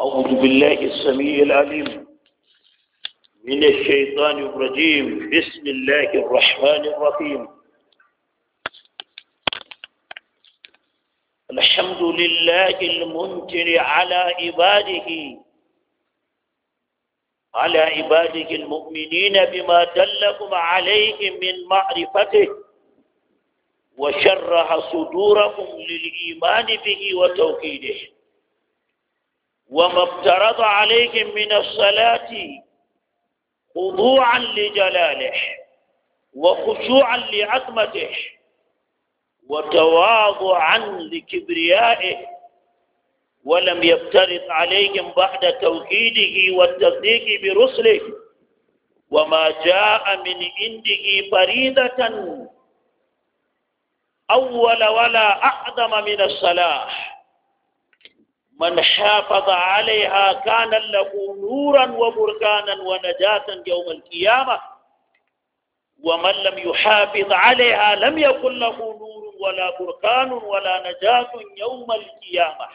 أعوذ بالله السميع العليم من الشيطان الرجيم بسم الله الرحمن الرحيم الحمد لله المنكر على عباده على عباده المؤمنين بما دلهم عليه من معرفته وشرح صدورهم للإيمان به وتوحيده وما افترض عليهم من الصلاة خضوعا لجلاله وخشوعا لعظمته وتواضعا لكبريائه ولم يفترض عليهم بعد توحيده والتصديق برسله وما جاء من عنده فريضة أول ولا أعظم من الصلاح من حافظ عليها كان له نورا وبركانا ونجاة يوم القيامة ومن لم يحافظ عليها لم يكن له نور ولا بركان ولا نجاة يوم القيامة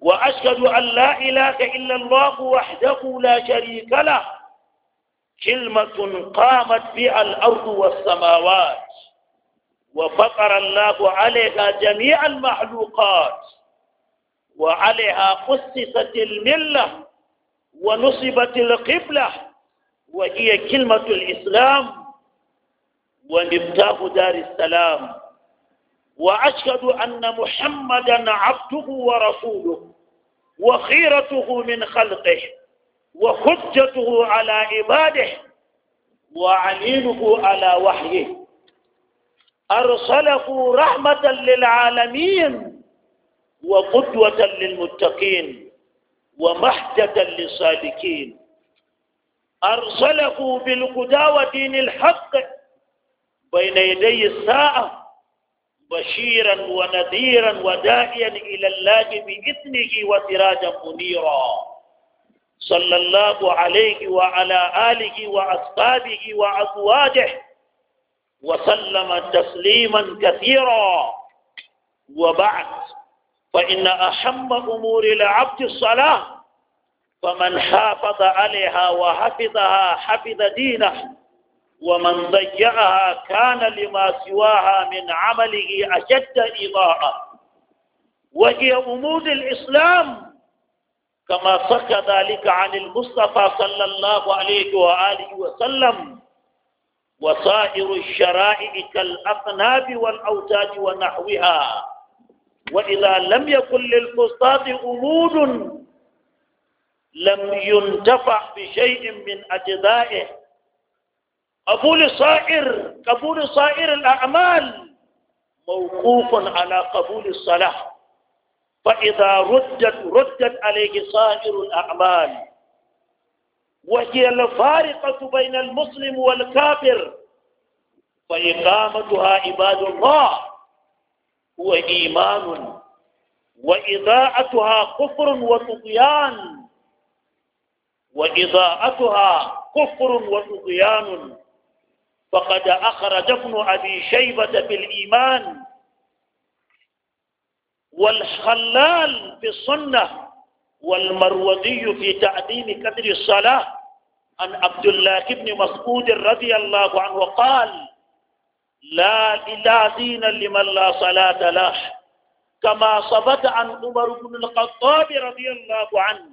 وأشهد أن لا إله إلا الله وحده لا شريك له كلمة قامت بها الأرض والسماوات وفقر الله عليها جميع المخلوقات وعليها أسست الملة ونصبت القبلة وهي كلمة الإسلام ومبتاه دار السلام وأشهد أن محمدا عبده ورسوله وخيرته من خلقه وحجته على عباده وعليله على وحيه أرسله رحمة للعالمين وقدوة للمتقين ومحجة للصادقين أرسله بالهدى ودين الحق بين يدي الساعة بشيرا ونذيرا وداعيا إلى الله بإذنه وسراجا منيرا صلى الله عليه وعلى آله وأصحابه وأزواجه وسلم تسليما كثيرا وبعد فإن أهم أمور العبد الصلاة فمن حافظ عليها وحفظها حفظ دينه ومن ضيعها كان لما سواها من عمله أشد إضاءة وهي أمور الإسلام كما صح ذلك عن المصطفى صلى الله عليه وآله وسلم وسائر الشرائع كالأقناب والأوتاد ونحوها وإذا لم يكن للفسطاط أمود لم ينتفع بشيء من أجزائه قبول صائر قبول صائر الأعمال موقوف على قبول الصلاة فإذا ردت ردت عليه صائر الأعمال وهي الفارقة بين المسلم والكافر فإقامتها عباد الله هو إيمان وإضاءتها كفر وطغيان وإضاءتها كفر وطغيان فقد أخرج ابن أبي شيبة بالإيمان والخلال في السنة والمروذي في تعديم قدر الصلاة عن عبد الله بن مسعود رضي الله عنه قال لا دين لمن لا صلاة له كما ثبت عن عمر بن الخطاب رضي الله عنه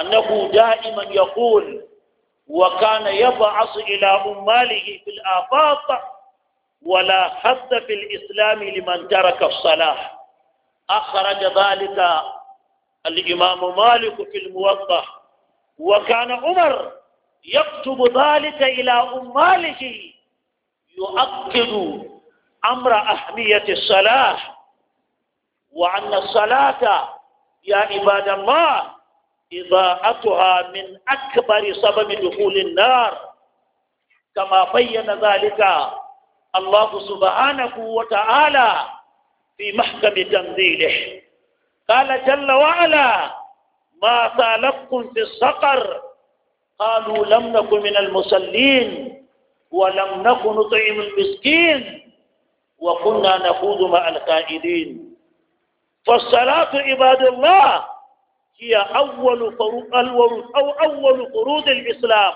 أنه دائما يقول وكان يبعث إلى أماله في الآفاق ولا حد في الإسلام لمن ترك الصلاة أخرج ذلك الإمام مالك في الموضح وكان عمر يكتب ذلك إلى أماله يؤكد أمر أهمية الصلاة وأن الصلاة يا عباد الله إضاءتها من أكبر سبب دخول النار كما بين ذلك الله سبحانه وتعالى في محكم تنزيله قال جل وعلا ما سالكم في السقر قالوا لم نكن من المصلين ولم نكن نطعم المسكين وكنا نخوض مع القائدين فالصلاة عباد الله هي أول أو أول فروض الإسلام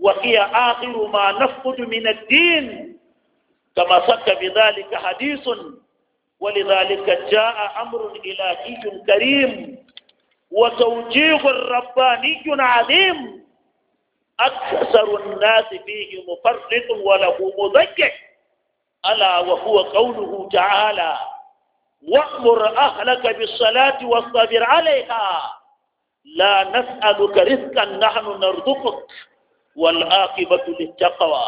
وهي آخر ما نفقد من الدين كما سك بذلك حديث ولذلك جاء أمر إلهي كريم وتوجيه رباني عظيم أكثر الناس فيه مفرط وله مضيع ألا وهو قوله تعالى وأمر أهلك بالصلاة واصطبر عليها لا نسألك رزقا نحن نرزقك والعاقبة للتقوى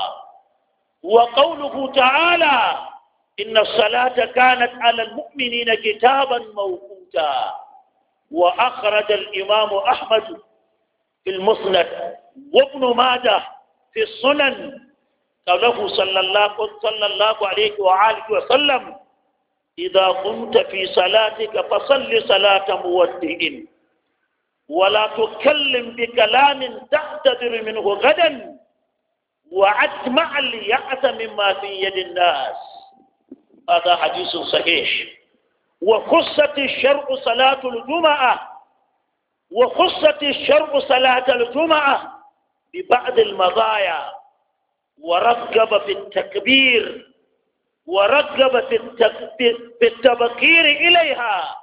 وقوله تعالى إن الصلاة كانت على المؤمنين كتابا موقوتا وأخرج الإمام أحمد في المسند وابن ماجه في السنن قوله صلى الله صلى الله عليه وآله وسلم إذا قمت في صلاتك فصل صلاة مودع ولا تكلم بكلام تعتذر منه غدا واتمع اليأس مما في يد الناس هذا حديث صحيح وخصت الشرع صلاة الجمعة وخصت الشرع صلاة الجمعة ببعض المضايا ورغب في التكبير ورغب في التبكير إليها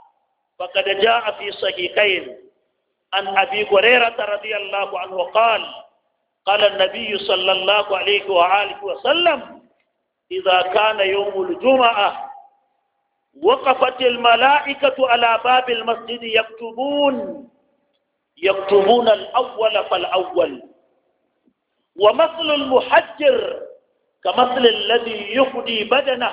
فقد جاء في صحيحين عن أبي هريرة رضي الله عنه قال قال النبي صلى الله عليه وآله وسلم إذا كان يوم الجمعة وقفت الملائكة على باب المسجد يكتبون يكتبون الأول فالأول ومثل المحجر كمثل الذي يفدي بدنه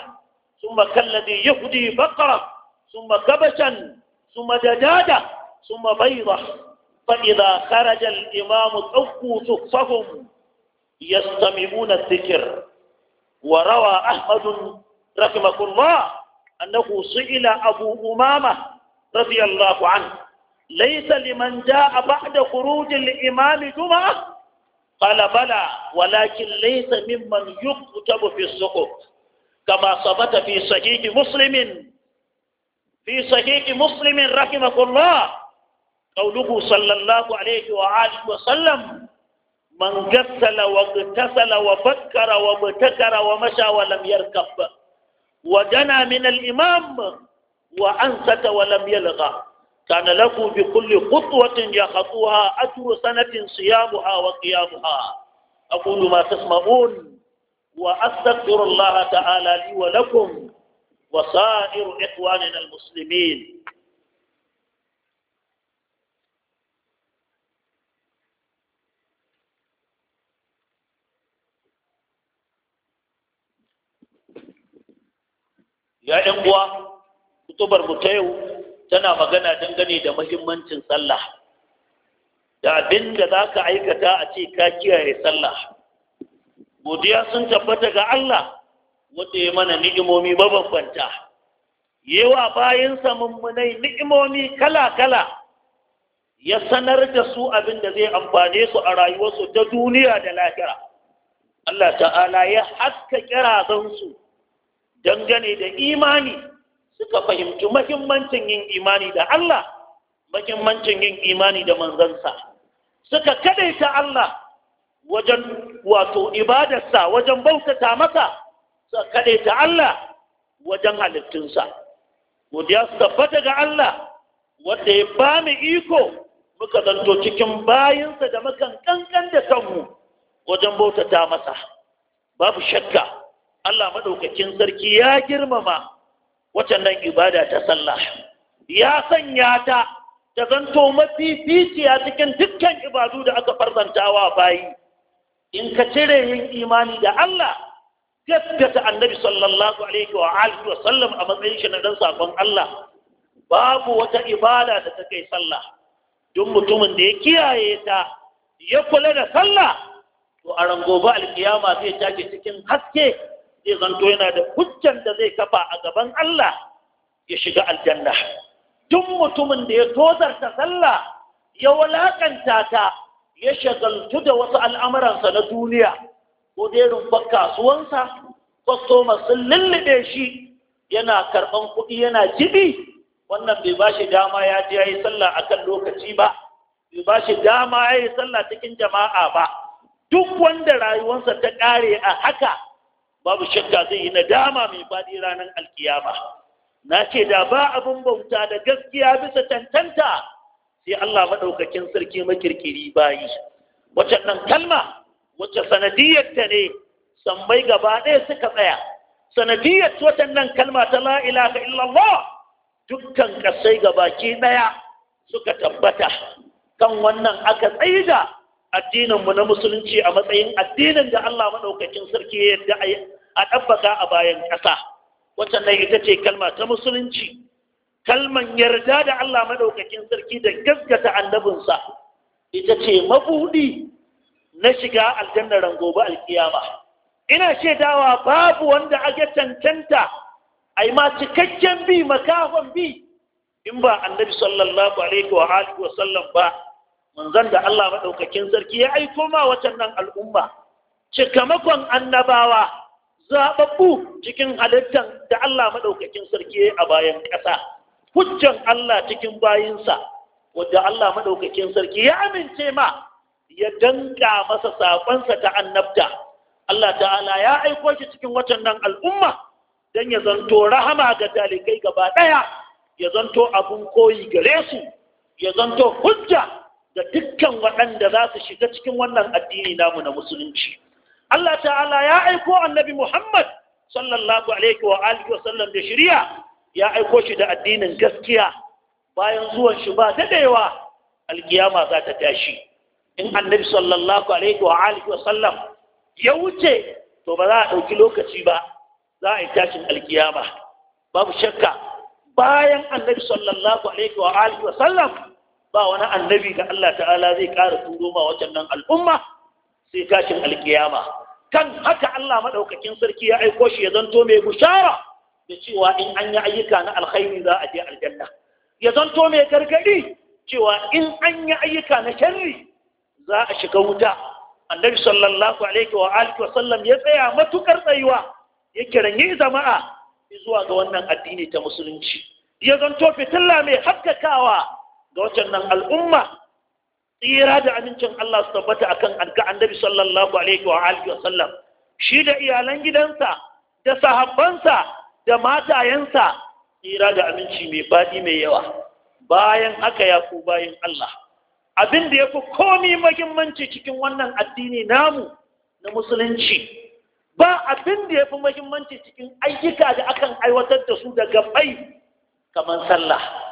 ثم كالذي يفدي بقرة ثم كبشا ثم دجاجة ثم بيضة فإذا خرج الإمام صفوا صفهم يستمعون الذكر وروى أحمد رحمه الله أنه سئل أبو أمامة رضي الله عنه ليس لمن جاء بعد خروج الإمام جمعة قال بلى ولكن ليس ممن يكتب في السقوط كما ثبت في صحيح مسلم في صحيح مسلم رحمه الله قوله صلى الله عليه وآله وسلم من غسل واغتسل وفكر وابتكر ومشى ولم يركب ودنا من الإمام وأنست ولم يلغى كان له بكل خطوة يخطوها أجر سنة صيامها وقيامها أقول ما تسمعون وأستغفر الله تعالى لي ولكم وسائر إخواننا المسلمين يا إخوة كتب المتيو tana magana dangane da mahimmancin sallah da abin da za ka aikata a ce ka kiyaye sallah godiya sun tabbata ga Allah wanda ya mana ni'imomi mabambanta yawa bayansa mummunai ni'imomi kala-kala ya sanar da su abin da zai amfane su a rayuwarsu ta duniya da lahira Allah ta'ala ya haska kirazansu dangane da imani suka fahimci mahimmancin yin imani da Allah mahimmancin yin imani da manzansa suka kadaita Allah wajen wato ibadarsa wajen bautata masa suka kadaita Allah wajen halittunsa godiya su tabbata ga Allah wanda ya ba mu iko muka zanto cikin bayansa da mukan kankan da kanmu wajen bautata masa babu shakka Allah maɗaukakin sarki ya girmama nan ibada ta sallah ya sanya ta ta zanto mafificiya cikin dukkan ibadu da aka farzantawa bayi in ka cire yin imani da Allah gaskata annabi sallallahu alaihi wa alihi wa sallam a matsayin shi na dan sakon Allah babu wata ibada da take sallah duk mutumin da ya kiyaye ta ya kula da sallah to a rangoba alkiyama zai take cikin haske zai zanto yana da hujjan da zai kafa a gaban Allah ya shiga aljanna duk mutumin da ya tozarta sallah ya walakanta ta ya shagaltu da wasu al'amuransa na duniya ko zai rumbar kasuwansa kwastoma sun lullube shi yana karɓan kuɗi yana jibi wannan bai ba shi dama ya ji ya yi sallah a kan lokaci ba bai ba shi dama ya yi sallah cikin jama'a ba duk wanda rayuwarsa ta ƙare a haka babu shakka zai yi nadama mai faɗi ranar alkiyama na ce da ba abin bauta da gaskiya bisa tantanta sai Allah maɗaukakin sarki makirkiri bayi wacce nan kalma wacce sanadiyarta ne sammai gaba ɗaya suka tsaya sanadiyar nan kalma ta la ilaha illallah dukkan ƙasai gabaki ɗaya suka tabbata kan wannan aka tsaida addininmu na musulunci a matsayin addinin da Allah maɗaukakin sarki yadda a ɗabbaka a bayan ƙasa wacannan ita ce kalma ta musulunci kalman yarda da Allah maɗaukakin sarki da gaskata annabinsa ita ce mabuɗi na shiga aljannar gobe alkiyama ina shaidawa babu wanda ake cancanta a yi ma cikakken bi makahon bi in ba annabi sallallahu alaihi wa alihi wa sallam ba manzon da Allah maɗaukakin sarki ya aiko ma nan al'umma cikamakon annabawa zaɓaɓɓu cikin halittan da Allah maɗaukakin sarki ya a bayan ƙasa hujjan Allah cikin bayinsa wadda Allah maɗaukakin sarki ya amince ma ya danga masa saƙonsa ta annabta Allah ta'ala ya aiko shi cikin watannan al'umma don ya zanto rahama ga dalikai gaba ɗaya ya zanto abun koyi gare su ya zanto hujja da dukkan waɗanda za su shiga cikin wannan addini namu na musulunci Allah ta'ala ya aiko annabi Muhammad sallallahu alaihi wa alihi wa sallam da shirya. ya aiko shi da addinin gaskiya bayan zuwan shi ba dadewa alkiyama za ta tashi in annabi sallallahu alaihi wa alihi wa sallam ya wuce to ba za a ɗauki lokaci ba za a yi tashin alkiyama babu shakka bayan annabi sallallahu alaihi wa alihi wa sallam ba wani annabi da Allah ta'ala zai ƙara turo ma nan al'umma sai kashin alkiyama kan haka Allah maɗaukakin sarki ya aiko shi ya zanto mai bushara da cewa in an yi ayyuka na alkhairi za a je aljanna ya zanto mai gargaɗi cewa in an yi ayyuka na sharri za a shiga wuta annabi sallallahu alaihi wa alihi wa sallam ya tsaya matukar tsayuwa ya kiranyi jama'a zuwa ga wannan addini ta musulunci ya zanto fitilla mai haskakawa ga wacannan al'umma tsira da amincin Allah su tabbata akan anka annabi sallallahu alaihi wa alihi wa sallam shi da iyalan gidansa da sahabbansa da matayensa tsira da aminci mai faɗi mai yawa bayan haka ya ku bayan Allah abin da ya fi komi mahimmanci cikin wannan addini namu na musulunci ba abin da ya fi mahimmanci cikin ayyuka da akan aiwatar da su daga bai kamar sallah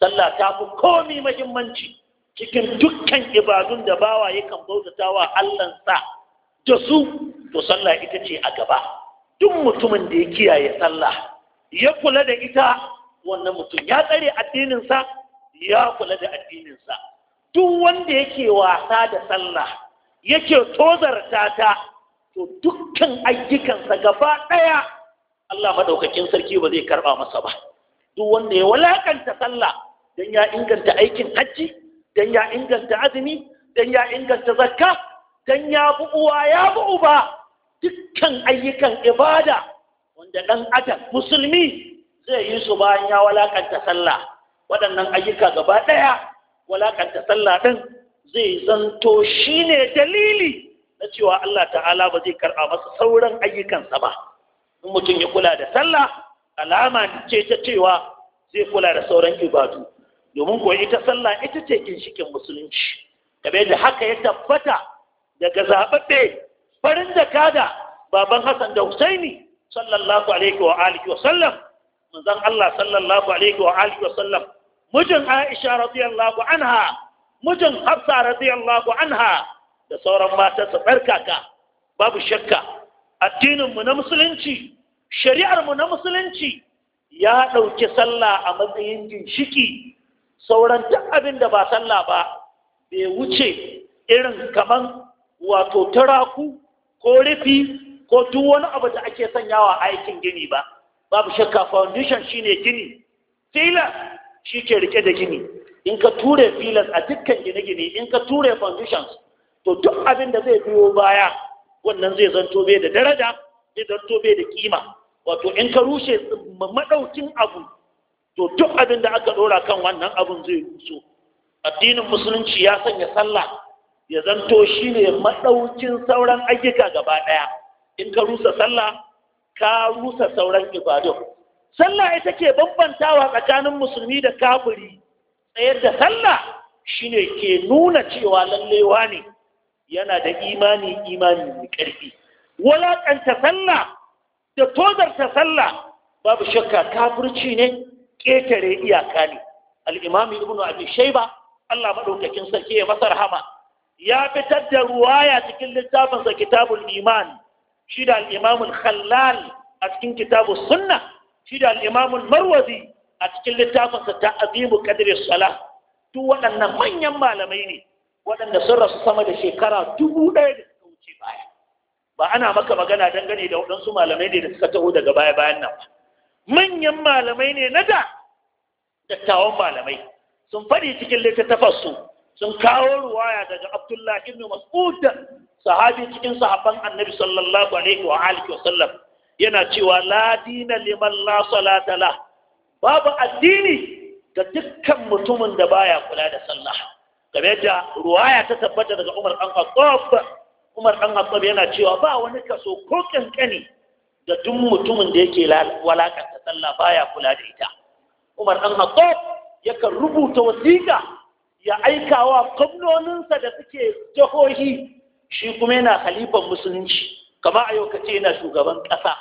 sallah ta fi komi mahimmanci cikin dukkan ibadun da bawa yakan wa Allahnsa da su to sallah ita ce a gaba duk mutumin da ya kiyaye sallah ya kula da ita wannan mutum ya tsare addininsa ya kula da addininsa duk wanda yake wasa da sallah yake tozarta ta to dukkan ayyukansa gaba ɗaya Allah madaukakin sarki ba zai karɓa masa ba duk wanda ya walakanta sallah dan ya inganta aikin hajji dan ya inganta azumi dan ya inganta zakka dan ya bi ya bi uba dukkan ayyukan ibada wanda dan adam musulmi zai yi su bayan ya walakanta sallah waɗannan ayyuka gaba ɗaya walakanta sallah ɗin zai zanto shine dalili na cewa Allah ta'ala ba zai karɓa masa sauran ayyukansa ba in mutum ya kula da sallah alama ce ta cewa zai kula da sauran ibadu domin ko ita sallah ita ce ginshikin musulunci kamar da haka ya tabbata daga zaɓaɓɓe farin jakada baban Hassan da Husaini sallallahu alaihi wa alihi wa sallam manzon Allah sallallahu alaihi wa alihi wa sallam mijin Aisha radiyallahu anha mijin Hafsa radiyallahu anha da sauran mata su barkaka babu shakka addinin mu na musulunci shari'ar mu na musulunci ya dauki sallah a matsayin ginshiki sauran duk abin da ba sallah ba bai wuce irin kaman wato taraku ko rufi ko duk wani abu da ake sanyawa aikin gini ba babu shakka foundation shine gini filas shi ke rike da gini in ka ture filas a dukkan gine-gine in ka ture foundations to duk abin da zai biyo baya wannan zai zanto bai da daraja zai zanto bai da kima wato in ka rushe madaukin abu to duk abin da aka ɗora kan wannan abin zai ruso addinin musulunci ya sanya sallah ya zanto shi ne maɗaukin sauran ayyuka gaba ɗaya in ka rusa sallah ka rusa sauran ibadun sallah ita ke bambantawa tsakanin musulmi da kafiri tsayar da sallah shine ke nuna cewa lallewa ne yana da imani imani mai ƙarfi walaƙanta sallah da tozarta sallah babu shakka kafirci ne ƙetare iyaka ne al'imami ibn abi shaiba Allah maɗaukakin sarki ya masar Hama, ya fitar da ruwaya cikin littafinsa kitabul iman shi da al'imamul khallal a cikin kitabul sunna shi da al'imamul marwazi a cikin littafinsa ta azimu kadir salah duk waɗannan manyan malamai ne waɗanda sun rasu sama da shekara dubu ɗaya da suka wuce baya ba ana maka magana dangane da waɗansu malamai ne da suka taho daga baya bayan nan ba manyan malamai ne na da dattawan malamai sun faɗi cikin littattafarsu sun kawo ruwaya daga abdullahi ibn mas'ud sahabi cikin sahabban annabi sallallahu alaihi wa alihi yana cewa la dina liman la salata la babu addini ga dukkan mutumin da baya kula da sallah game yadda ruwaya ta tabbata daga Umar dan Khattab Umar dan Khattab yana cewa ba wani kaso ko kankani da duk mutumin da yake walakanta sallah baya kula da ita umar dan hattab yakan rubuta wasiƙa ya aikawa gwamnoninsa da suke jihohi shi kuma yana halifan musulunci kama a yau ka ce yana shugaban ƙasa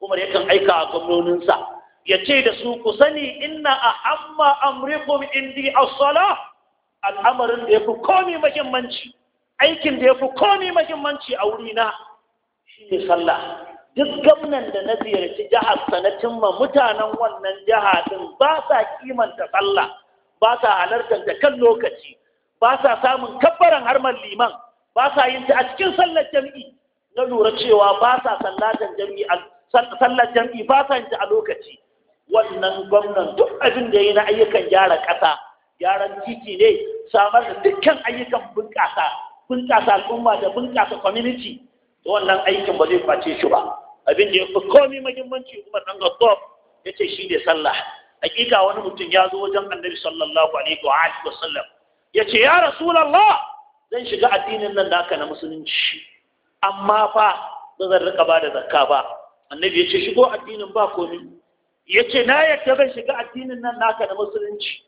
umar yakan aika a gwamnoninsa ya ce da su ku sani inna a hamma amrikum indi as al'amarin da ya fi komi mahimmanci aikin da ya fi komi mahimmanci a wurina shi ne sallah duk gwamnan da na ziyarci jihar sanatin cimma mutanen wannan jiha din ba sa kimanta sallah ba sa halartar da kan lokaci ba sa samun kabbaran harman liman ba sa yin ta a cikin sallar jami'i na lura cewa ba sa sallatan jami'i sallar jami'i ba sa yin ta a lokaci wannan gwamnan duk abin da ya yi na ayyukan gyara ƙasa gyaran titi ne samar da dukkan ayyukan bunƙasa bunƙasa al'umma da bunƙasa community wannan aikin ba zai kwace shi ba abin da ya fi komai muhimmanci Umar ya ce yace ne sallah hakika wani mutum ya zo wajen Annabi sallallahu alaihi wa alihi wasallam ce ya Rasulullah zan shiga addinin nan da aka na musulunci amma fa ba zan rika ba da zakka ba Annabi yace shigo addinin ba Ya ce na yadda zan shiga addinin nan naka na musulunci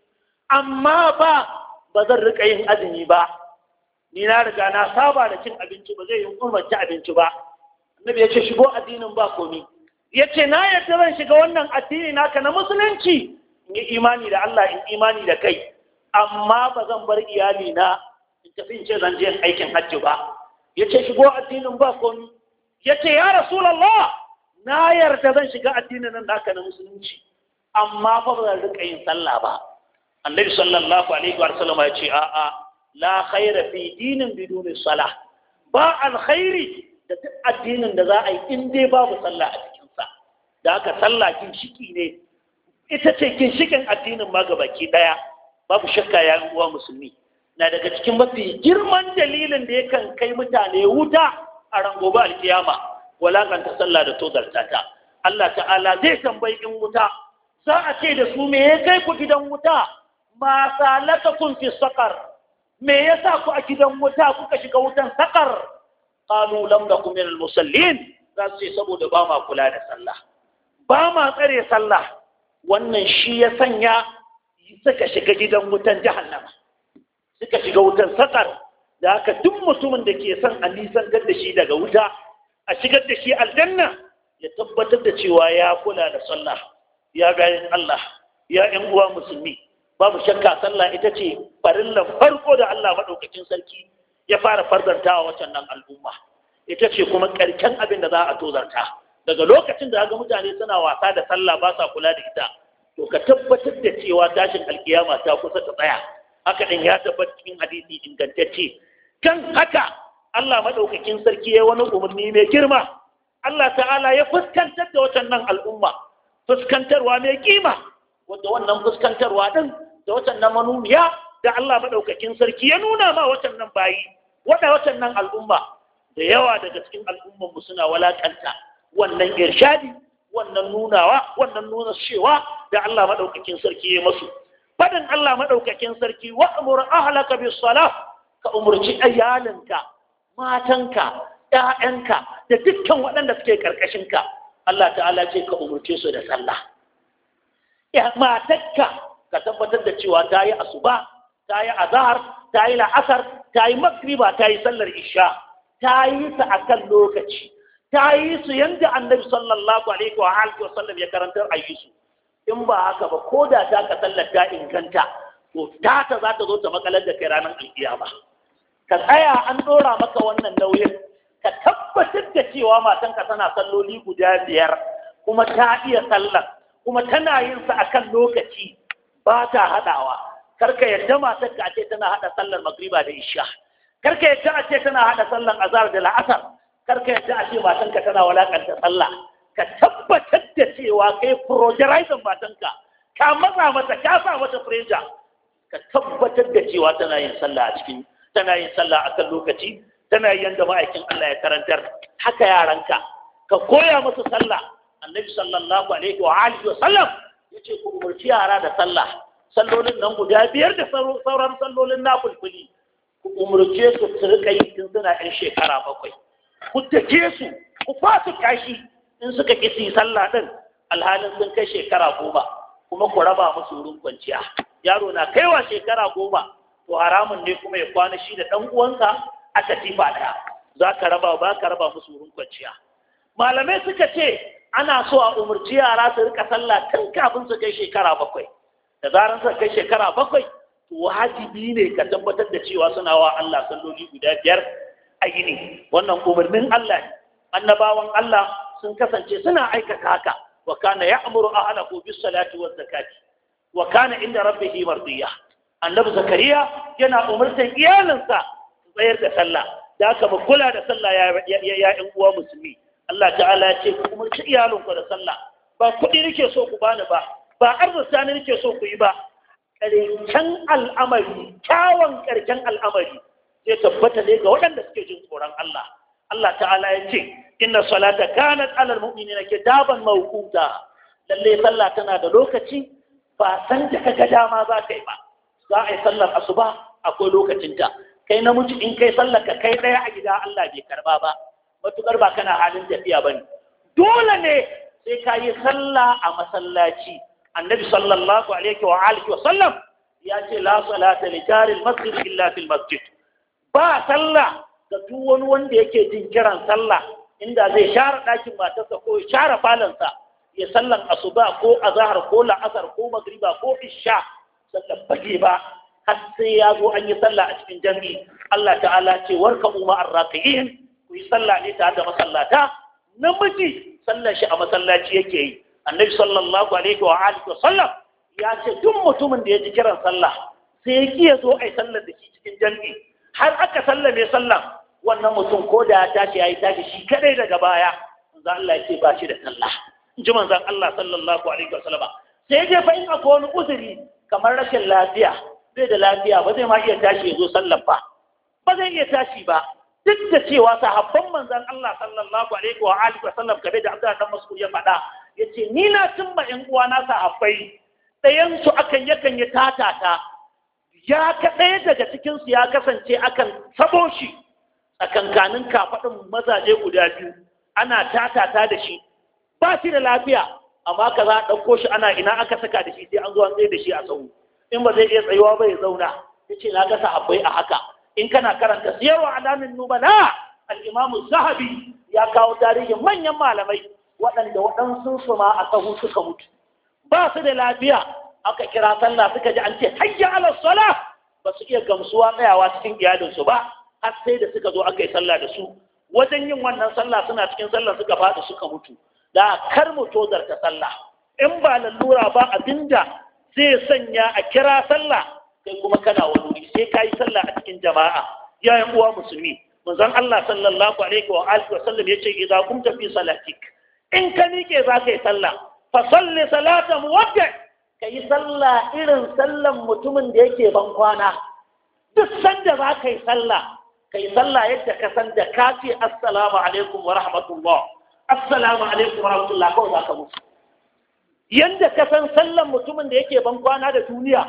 amma ba ba zan rika yin azumi ba ni na riga na saba da cin abinci ba zai yi umarci abinci ba nabi ya ce shigo addinin ba komi ya ce na yadda zan shiga wannan addini naka na musulunci in yi imani da Allah in imani da kai amma ba zan bar iyali na in tafi in ce zan je aikin hajji ba ya ce shigo addinin ba komi ya ce ya rasulallah na yarda zan shiga addinin nan naka na musulunci amma fa ba zan rika yin sallah ba annabi sallallahu alaihi wa sallam ya ce a'a la khaira fi dinin biduni salah ba alkhairi da duk addinin da za a yi in dai babu sallah a cikinsa da haka sallah ginshiki ne ita ce ginshikin addinin ma gabaki daya babu shakka ya uwa musulmi na daga cikin mafi girman dalilin da yakan kai mutane wuta a gobe alkiyama walakanta sallah da tozarta ta Allah ta'ala zai tambayi in wuta za a ce da su me ya kai ku gidan wuta ma salaka kun fi sakar me yasa ku a gidan wuta kuka shiga wutan sakar qalu lam nakum min za su ce saboda ba ma kula da sallah ba ma tsare sallah wannan shi ya sanya suka shiga gidan wutan jahannama suka shiga wutan sakar da haka duk mutumin da ke son a nisantar da shi daga wuta a shigar da shi aljanna ya tabbatar da cewa ya kula da sallah ya gayin Allah ya ƴan uwa musulmi babu shakka sallah ita ce farin farko da Allah maɗaukakin sarki ya fara farzantawa wacan nan al'umma ita ce kuma ƙarshen abin da za a tozarta daga lokacin da ga mutane suna wasa da sallah ba sa kula da ita to ka tabbatar da cewa tashin alkiyama ta kusa ta tsaya haka din ya tabbata cikin hadisi ingantacce kan haka Allah madaukakin sarki ya wani umarni mai girma Allah ta'ala ya fuskantar da wacan nan al'umma fuskantarwa mai kima wanda wannan fuskantarwa din da wacan nan manuniya da Allah madaukakin sarki ya nuna ma wacan nan bayi waɗannan nan al'umma da yawa daga cikin al'umman mu suna walakanta wannan irshadi wannan nunawa wannan nuna cewa da Allah madaukakin sarki ya masu fadin Allah madaukakin sarki wa amur ahlaka bis salah ka umurci iyalinka matanka ƴaƴanka da dukkan waɗanda suke ka Allah ta'ala ce ka umurce su da sallah matakka ka tabbatar da cewa ta yi asuba ta yi azahar ta yi la'asar ta yi magriba ta yi sallar isha ta yi su a kan lokaci ta yi su yadda annabi sallallahu alaihi wa alihi wa sallam ya karantar a yi su in ba haka ba ko da ta ka sallar ta inganta to ta ta za ta zo ta makalar da kai ranar ba. ka tsaya an ɗora maka wannan nauyin ka tabbatar da cewa matanka tana salloli guda biyar kuma ta iya sallar kuma tana yin sa akan lokaci ba ta haɗawa karka yadda matar ka ce tana haɗa sallar magriba da isha karka yadda a ce tana haɗa sallar azhar da la'asar karka yadda a ce ka tana walakanta sallah ka tabbatar da cewa kai progerizer matanka ka matsa mata ka sa mata pressure ka tabbatar da cewa tana yin sallah a cikin tana yin sallah akan lokaci tana yin da ma'aikin Allah ya karantar haka yaranka ka koya musu sallah annabi sallallahu alaihi wa alihi wa sallam yace ku umarci yara da sallah sallolin nan guda biyar da sauran sallolin na kulkuli ku umurce su su rika yi tun suna ɗan shekara bakwai ku take su ku fasu kashi in suka ki su yi sallah ɗin alhalin sun kai shekara goma kuma ku raba musu wurin kwanciya yaro na kaiwa shekara goma to haramun ne kuma ya kwana shi da ɗan uwansa a katifa ɗaya za ka raba ba ka raba musu wurin kwanciya malamai suka ce ana so a umarci yara su rika sallah tun kafin su kai shekara bakwai da zaran sa kai shekara bakwai wajibi ne ka tabbatar da cewa suna wa Allah salloli guda biyar a yini wannan umarnin Allah ne annabawan Allah sun kasance suna aikata haka wa kana ya'muru ahlahu bis salati waz zakati wa kana inda rabbihi mardiya annabi zakariya yana umurtan iyalinsa su tsayar da sallah da aka ba kula da sallah ya ya yan uwa musulmi Allah ta'ala ya ce ku umurci iyalinku da sallah ba kuɗi nake so ku bani ba ba arzuta ne nake so ku yi ba ƙarshen al'amari kyawun ƙarshen al'amari ya tabbata ne ga waɗanda suke jin tsoron Allah Allah ta'ala ya ce inna salata kanat alal mu'minina kitaban mawquta lalle sallah tana da lokaci ba san da kaga dama za ka yi ba za a yi sallar asuba akwai lokacinta kai namiji in kai sallar ka kai ɗaya a gida Allah bai karba ba matukar ba kana halin tafiya bane dole ne sai ka yi sallah a masallaci annabi sallallahu alaihi wa alihi wa sallam ya ce la salata li jaril masjid illa fil masjid ba sallah ga duk wani wanda yake jin kiran sallah inda zai share ɗakin matarsa ko ya share sa ya sallan asuba ko azahar ko la'asar ko magriba ko isha sallan bage ba har sai ya zo an yi sallah a cikin jami'i Allah ta'ala ce warka umma arraqiyin ku yi sallah ne tare da masallata namiji sallar shi a masallaci yake yi annabi sallallahu alaihi wa alihi wasallam ya ce duk mutumin da ya ji kiran sallah sai ya kiya zo ai sallar da shi cikin jami'i har aka sallame sallah wannan mutum ko da ya tashi ya yi tashi shi kadai daga baya manzo Allah ya ce ba shi da sallah in ji manzon Allah sallallahu alaihi wa sallam. sai dai fa in akwai wani uzuri kamar rashin lafiya bai da lafiya ba zai ma iya tashi ya zo sallar ba ba zai iya tashi ba duk da cewa sahabban manzon Allah sallallahu alaihi wa alihi sallam kabe da Abdullah dan Mas'ud ya faɗa Yace ni na cimma ‘yan uwana sahabbai ɗayansu akan yakan yi tatata ya ka ɗaya daga cikinsu ya kasance akan sabo shi tsakankanin kafaɗin mazaje guda biyu ana tatata da shi ba shi da lafiya amma ka za a ɗauko shi ana ina aka saka da shi sai an zo an tsaye da shi a tsawo in ba zai iya tsayuwa ba ya zauna Yace na ga akwai a haka in kana karanta siyarwa alamin nubala al-imamu zahabi ya kawo tarihin manyan malamai waɗanda waɗansu su ma a sahu suka mutu ba su da lafiya aka kira sallah suka ji an ce hayya ala sala ba su iya gamsuwa tsayawa cikin iyalinsu ba har sai da suka zo aka yi sallah da su wajen yin wannan sallah suna cikin sallah suka faɗi suka mutu da kar mu tozarta sallah in ba lalura ba abinda zai sanya a kira sallah kai kuma kana wani sai ka yi sallah a cikin jama'a Ya'yan uwa musulmi manzon Allah sallallahu alaihi wa alihi wa sallam yace idza fi salatik in ka miƙe za ka yi sallah fa salli salatan wadda ka yi sallah irin sallan mutumin da yake ban kwana duk sanda za ka yi sallah ka yi sallah yadda ka san da ka ce assalamu alaikum wa rahmatullah assalamu alaikum wa rahmatullah kawai za ka mutu yadda ka san sallan mutumin da yake ban kwana da duniya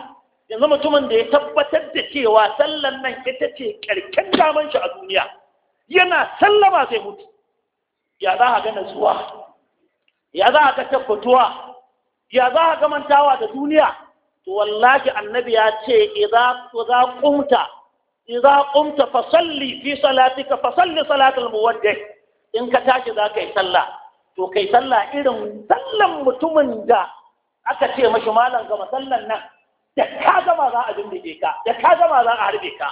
yanzu mutumin da ya tabbatar da cewa sallan nan ita ce ƙarken daman shi a duniya yana sallama sai mutu ya za a ga natsuwa ya za a ga tabbatuwa ya za a ga mantawa da duniya to wallahi annabi ya ce idza idza qumta idza qumta fa salli fi salatika fa salli in ka tashi za ka yi sallah to kai sallah irin sallan mutumin da aka ce mashi malam gama sallan nan da ka gama za a bindige ka da ka gama za a harbe ka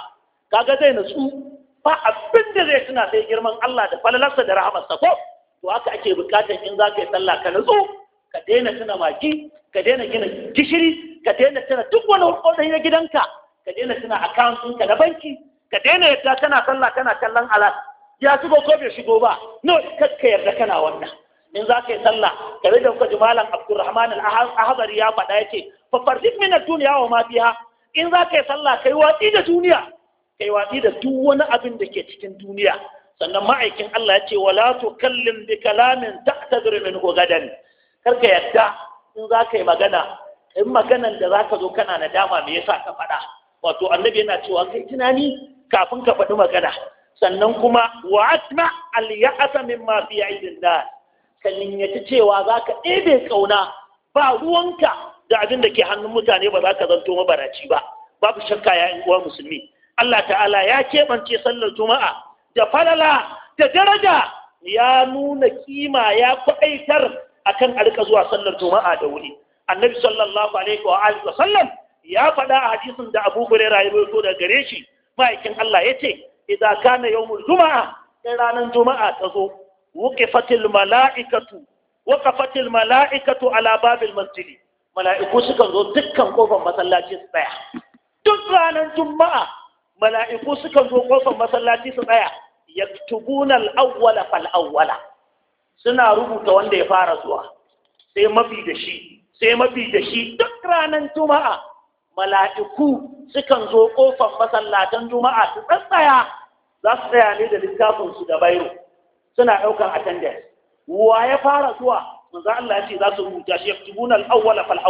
kaga zai natsu ba abin da zai tuna sai girman Allah da falalarsa da rahamarsa ko to haka ake bukatar in za ka yi sallah ka nutsu ka daina tuna maki ka daina gina gishiri ka daina tuna duk wani na gidanka ka daina tuna account ɗinka na banki ka daina yadda kana sallah kana kallon ala ya shigo ko bai shigo ba no kakka yarda kana wannan in za ka yi sallah ka rage kuka malam abdurrahman al-ahazari ya faɗa yake fa farzik min ad-dunya wa ma fiha in za ka yi sallah kai watsi da duniya kai watsi da duk wani abin da ke cikin duniya sannan ma'aikin Allah ya ce wala kallin bi kalamin ta'tadir min gadan karka yadda in za ka yi magana in maganan da za ka zo kana nadama me yasa ka faɗa wato annabi yana cewa kai tunani kafin ka faɗi magana sannan kuma wa asma al ya'asa mimma fi aidin nas kallin yace cewa za ka ɗebe kauna ba ruwanka da abin da ke hannun mutane ba za ka zanto mabaraci ba babu shakka ya uwa musulmi Allah ta'ala ya keɓance sallar juma'a da falala da daraja ya nuna kima ya kwaitar a a arka zuwa sallar juma'a da wuri annabi sallallahu alaihi wa alihi wasallam ya faɗa a hadisin da Abu Hurairah ya rawaito da gare shi ma'aikin Allah yace idza kana yawmul juma'a sai ranar juma'a ta zo wuqifatil mala'ikatu waqafatil mala'ikatu ala babil masjidi mala'iku sukan zo dukkan kofar masallaci tsaya duk ranar juma'a mala'iku sukan zo kofar masallaci su tsaya yaktubuna al-awwala fal suna rubuta wanda ya fara zuwa sai mafi da shi sai mafi da shi duk ranar juma'a mala'iku sukan zo kofar masallacin juma'a su tsaya za su tsaya ne da littafin su da bairo suna ɗaukar attendance wa ya fara zuwa manzo Allah ya ce za su rubuta shi yaktubuna al-awwala fal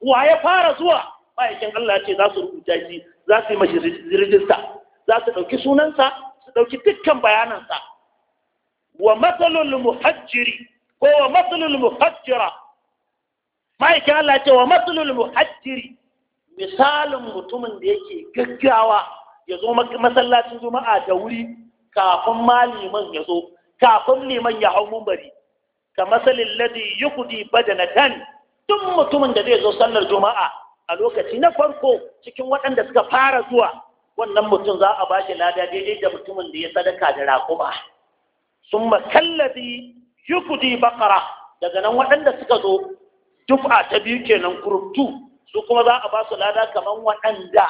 wa ya fara zuwa ma'aikin Allah ce za su rubuta shi za su yi mashi rijista za su ɗauki sunansa su ɗauki dukkan bayanansa wa matsalul muhajjiri ko wa matsalul muhajjira ma'aikin Allah ce wa matsalul muhajjiri misalin mutumin da yake gaggawa ya zo masallacin juma'a da wuri kafin maliman ya zo kafin liman ya hau mumbari ka masalin ladi yukudi badanatan tun mutumin da zai zo sallar juma'a a lokaci na farko cikin waɗanda suka fara zuwa wannan mutum za a bashi lada daidai da mutumin da ya sadaka da raƙuma sun makallabi yukudi bakara daga nan waɗanda suka zo dufa ta biyu kenan kurutu, su kuma za a ba su lada kamar waɗanda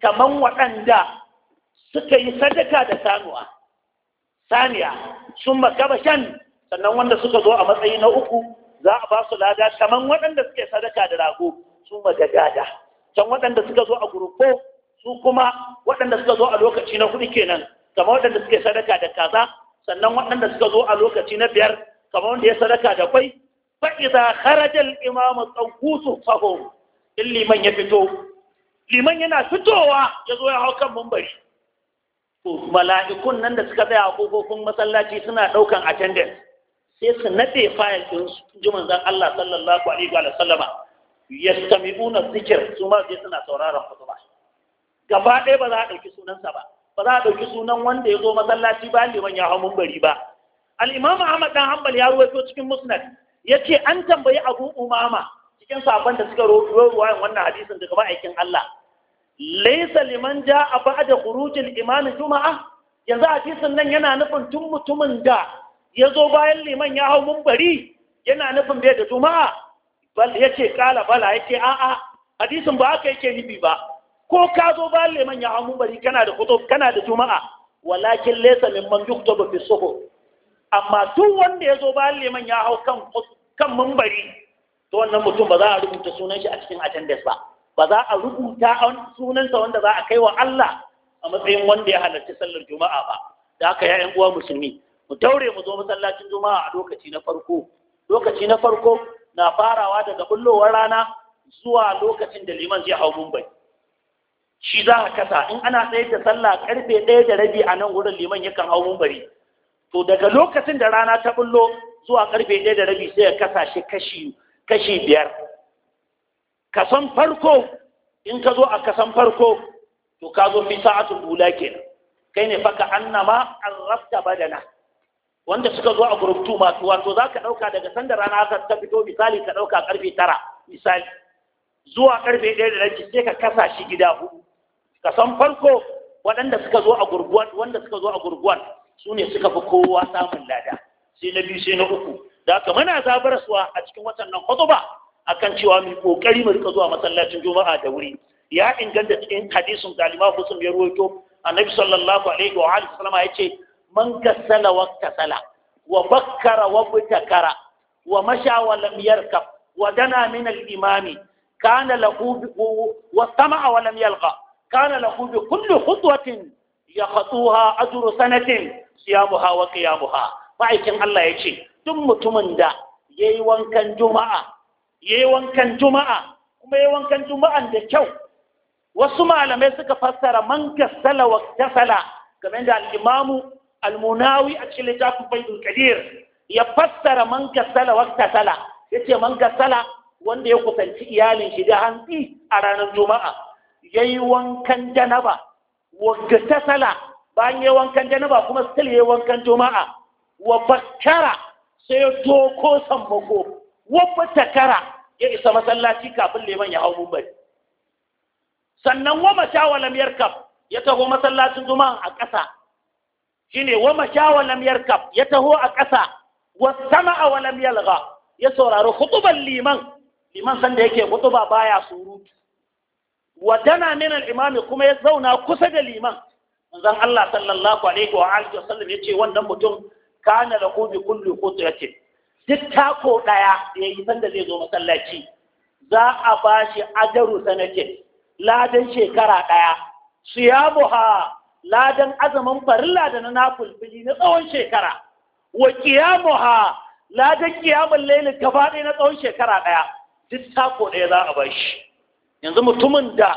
kamar waɗanda suka yi sadaka da sanuwa saniya sun makabashan sannan wanda suka zo a matsayi na uku za a ba su lada kamar waɗanda suka yi sadaka da rago su magagada can waɗanda suka zo a gurufo su kuma waɗanda suka zo a lokaci na hudu kenan kamar waɗanda suke sadaka da kaza sannan waɗanda suka zo a lokaci na biyar kamar wanda ya sadaka da kwai fa idza kharaja al imam tawqutu fahum in liman ya fito liman yana fitowa ya zo ya hau kan mumbari to mala'ikun nan da suka tsaya a kofofin masallaci suna ɗaukan attendance sai su nade fayil ɗin su ji Allah sallallahu alaihi wa sallama yastami'una zikir su ma sai suna sauraron khutba gaba ɗaya ba za a ɗauki sunansa ba ba za a ɗauki sunan wanda ya zo masallaci ba liman ya hau mumbari ba al-imamu ahmad dan hanbal ya ruwaito cikin musnad yace an tambayi abu umama cikin sabon da suka ruwayan wannan hadisin daga ma'aikin Allah laysa liman ja'a ba'da khurujil imam juma'a yanzu hadisin nan yana nufin tun mutumin da ya zo bayan liman ya hau mumbari yana nufin bai da juma'a bal ce kala bala yace ce a'a hadisin ba haka yake nufi ba ko ka zo ba le ya hamu bari kana da kutub kana da juma'a walakin laysa man yuktabu fi suhur amma duk wanda ya zo ba le ya hau kan kan mambari to wannan mutum ba za a rubuta sunan shi a cikin attendance ba ba za a rubuta sunansa wanda za a kai wa Allah a matsayin wanda ya halarci sallar juma'a ba da haka ya yan uwa musulmi mu daure mu zo masallacin juma'a a lokaci na farko lokaci na farko na farawa daga bullowar rana zuwa lokacin da liman zai hau mumbai shi za a kasa in ana tsayar da sallah karfe ɗaya da rabi a nan wurin liman yakan hau mumbari to daga lokacin da rana ta bullo zuwa karfe ɗaya da rabi sai ya kasa shi kashi kashi biyar kasan farko in ka zo a kasan farko to ka zo fi sa'atul ula kenan kai ne faka annama an rafta badana wanda suka zo a group 2 masu wato za ka ɗauka daga sanda rana aka ta fito misali ka ɗauka ƙarfe tara misali zuwa ƙarfe ɗaya da rabi sai ka kasa shi gida hudu ka san farko waɗanda suka zo a 1 wanda suka zo a gurguwan su ne suka fi kowa samun lada sai na biyu sai na uku da haka muna suwa a cikin watannan hutuba akan cewa mu kokari mu rika zuwa masallacin juma'a da wuri ya inganta cikin hadisin dalima al-Imam Muslim ya ruwaito annabi sallallahu alaihi wa alihi wasallama yace man kassala wa kasala wa bakkara wa butakara wa masha wa lam yarkab wa dana min al-imami kana lahu wa sama'a wa lam yalqa kana lahu bi kulli khutwatin yakhatuha ajru sanatin siyamuha ma'aikin Allah yace duk mutumin da yayi wankan juma'a yayi wankan juma'a kuma yayi wankan juma'an da kyau wasu malamai suka fassara man kasala wa da al almunawi a cikin littafin baidul Kadir, ya fassara man kasala waqta sala yace man kasala wanda ya kusanci iyalin shi da hantsi a ranar juma'a yayi wankan janaba wagga sala bayan yayi wankan janaba kuma still yayi wankan juma'a wa bakkara sai doko sammako wa bakkara ya isa masallaci kafin liman ya hau mumbai sannan wa masha wa lam yarkab ya taho masallacin juma'a a ƙasa shine wa masha wa lam yarkab ya taho a ƙasa wa sama'a wa lam yalgha ya saurari khutuban liman liman san da yake khutuba baya surutu wa dana min al kuma ya zauna kusa da liman manzon Allah sallallahu alaihi wa alihi wa sallam yace wannan mutum kana lahu bi kulli qutratin duk tako daya da yayi sanda zai zo masallaci za a bashi ajaru sanatin ladan shekara daya siyabuha ladan azaman farilla da na naful fili na tsawon shekara wa kiyamuha ladan qiyamul layl gabaɗaya na tsawon shekara ɗaya duk tako ɗaya za a bashi yanzu mutumin da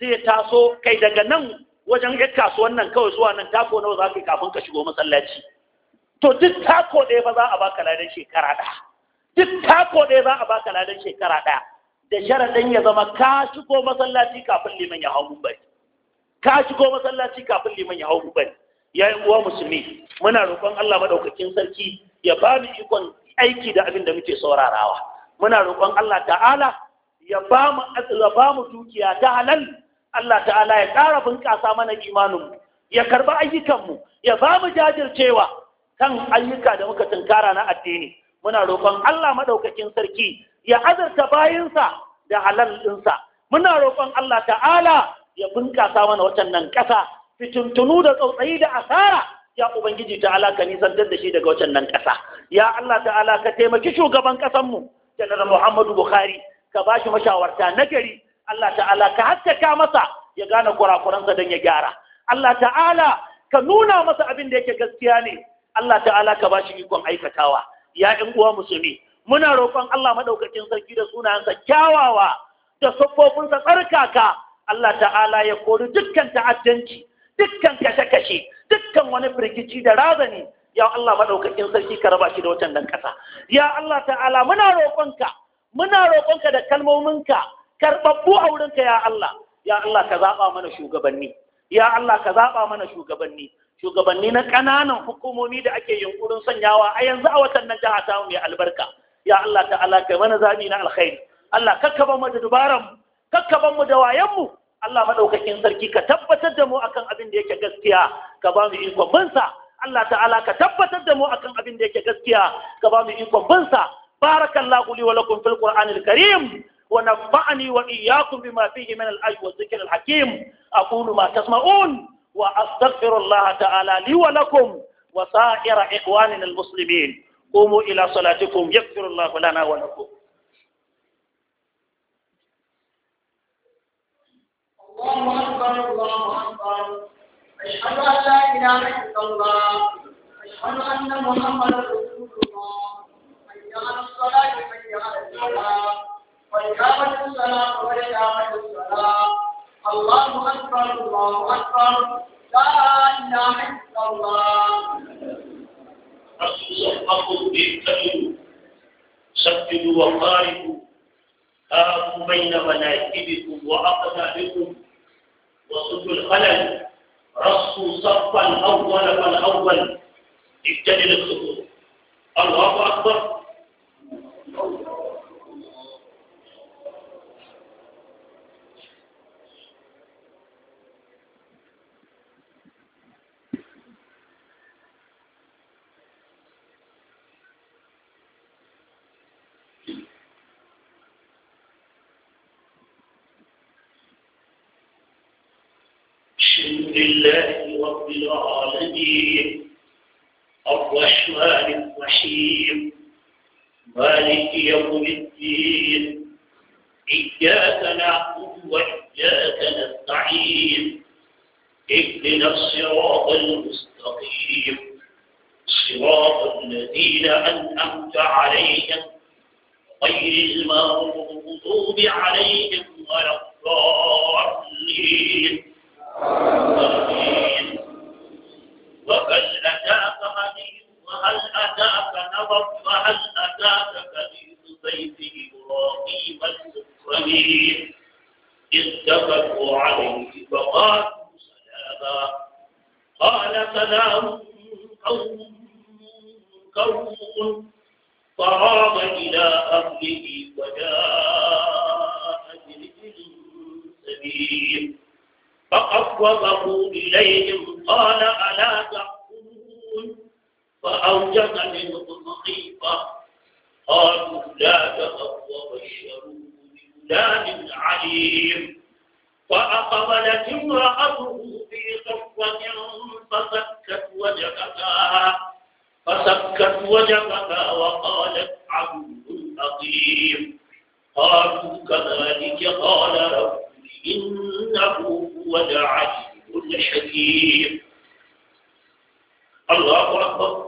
zai taso kai daga nan wajen yan kasu nan kawai zuwa nan tako nawa za ka kafin ka shigo masallaci to duk tako ɗaya ba za a baka ladan shekara ɗaya duk tako ɗaya za a baka ladan shekara ɗaya da sharaɗin ya zama ka shigo masallaci kafin liman ya hau bari ka shigo masallaci kafin liman ya hau bari ya yi uwa musulmi muna roƙon Allah madaukakin sarki ya ba mu ikon aiki da abin da muke saurarawa muna roƙon Allah ta'ala ya ba mu azza ba mu dukiya ta halal Allah ta'ala ya ƙara bunƙasa mana imanin mu ya karba ayyukan mu ya ba mu jajircewa kan ayyuka da muka tunkara na addini muna roƙon Allah maɗaukakin sarki ya azarta bayinsa da halal ɗinsa muna roƙon Allah ta'ala ya bunƙasa mana nan ƙasa fitintunu da tsautsayi da asara ya ubangiji ta'ala ka nisantar da shi daga nan ƙasa ya Allah ta'ala ka taimaki shugaban ƙasanmu janar Muhammadu Buhari ka ba shi mashawarta na gari Allah ta'ala ka haskaka masa ya gane kurakuransa don ya gyara Allah ta'ala ka nuna masa abin da yake gaskiya ne Allah ta'ala ka ba shi ikon aikatawa ya ƴan uwa musulmi muna roƙon Allah maɗaukacin sarki da sunayensa kyawawa da siffofinsa tsarkaka Allah ta'ala ya kori dukkan ta'addanci dukkan kashe-kashe dukkan wani firgici da razani ya Allah maɗaukakin sarki ka raba shi da watan dan ƙasa. ya Allah ta'ala muna roƙonka muna roƙonka da kalmominka karɓaɓɓu a wurinka ya Allah ya Allah ka zaɓa mana shugabanni ya Allah ka zaɓa mana shugabanni shugabanni na ƙananan hukumomi da ake yunƙurin sanyawa a yanzu a watan nan jiha ta mai albarka ya Allah ta'ala kai mana zaɓi na alkhairi Allah kakkaba mu da dubaran kakkabanmu mu da wayanmu Allah maɗaukakin sarki ka tabbatar da mu akan abin da yake gaskiya ka ba mu ikon bansa Allah ta'ala ka tabbatar da mu akan abin da yake gaskiya ka ba mu ikon bansa barakallahu li wa lakum fil qur'anil karim ونفعني وإياكم بما فيه hakim. الآية والذكر الحكيم أقول ما تسمعون وأستغفر wa تعالى wa ولكم قوموا إلى صلاتكم يغفر الله لنا ولكم أشهد أن لا إله إلا الله أشهد أن محمدا رسول الله حي على الصلاة حي على الصلاة وإقامة الصلاة وإقامة الصلاة الله أكبر الله أكبر لا إله إلا الله أصدقوا اهتدوا سجدوا وقاربوا آموا بين مناكبكم وأقدامكم وصدوا الخلل رصوا صفا أول فالأول اجتنب الخطوط الله أكبر غير المغضوب عليهم ولا الضالين وهل أتاك حديث وهل أتاك نظر وهل أتاك حديث بيت إبراهيم المكرمين إذ دخلوا عليه فقالوا سلاما قال سلام قوم قوم فعاد إلى أهله وجاء برجل سبيل فأقربه إليهم قال ألا تأكلون فأوجد منهم خيفة قالوا لا تخف وبشروه بغلام عليم فأقبلت امرأته في خفة فسكت وجهها فسكت وجبها وقالت عبد أقيم قالوا كذلك قال ربي إنه هو العليم الحكيم الله أكبر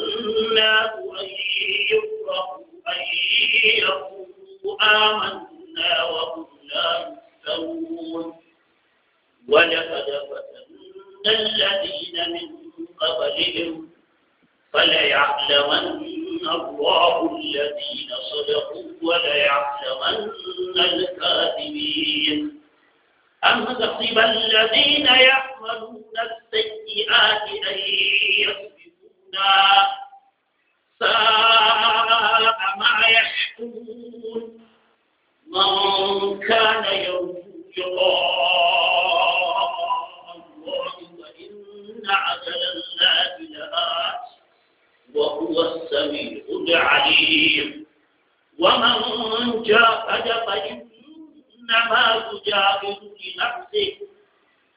أن يفرحوا أن يقولوا آمنا وهم لا يستوون ولقد فتنا الذين من قبلهم فليعلمن الله الذين صدقوا وليعلمن الكاذبين أم حسب الذين يعملون السيئات أن يسبقونا ساء ما يحكمون من كان يرجو لقاء الله فإن عجل الله لآت وهو السميع العليم ومن جاهد فإنما يجاهد لنفسه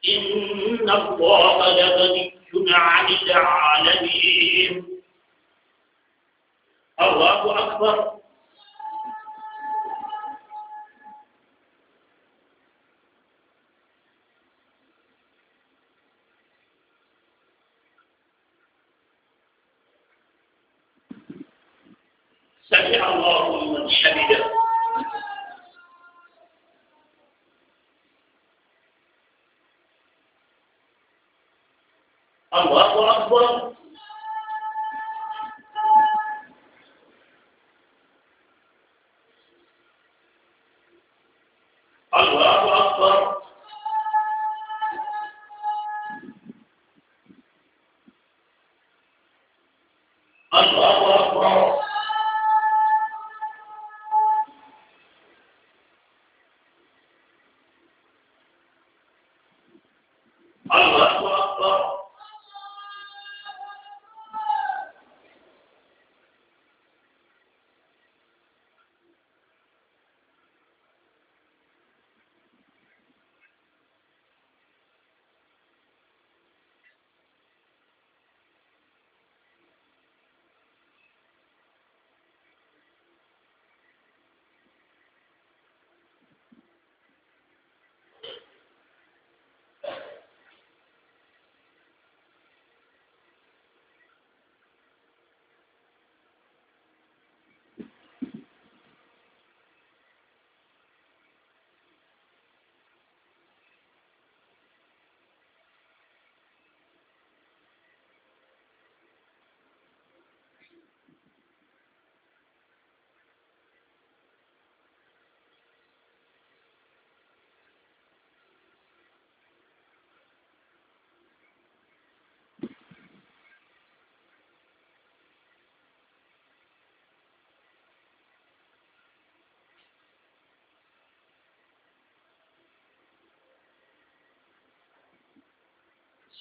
إن الله لغني عن العالمين الله أكبر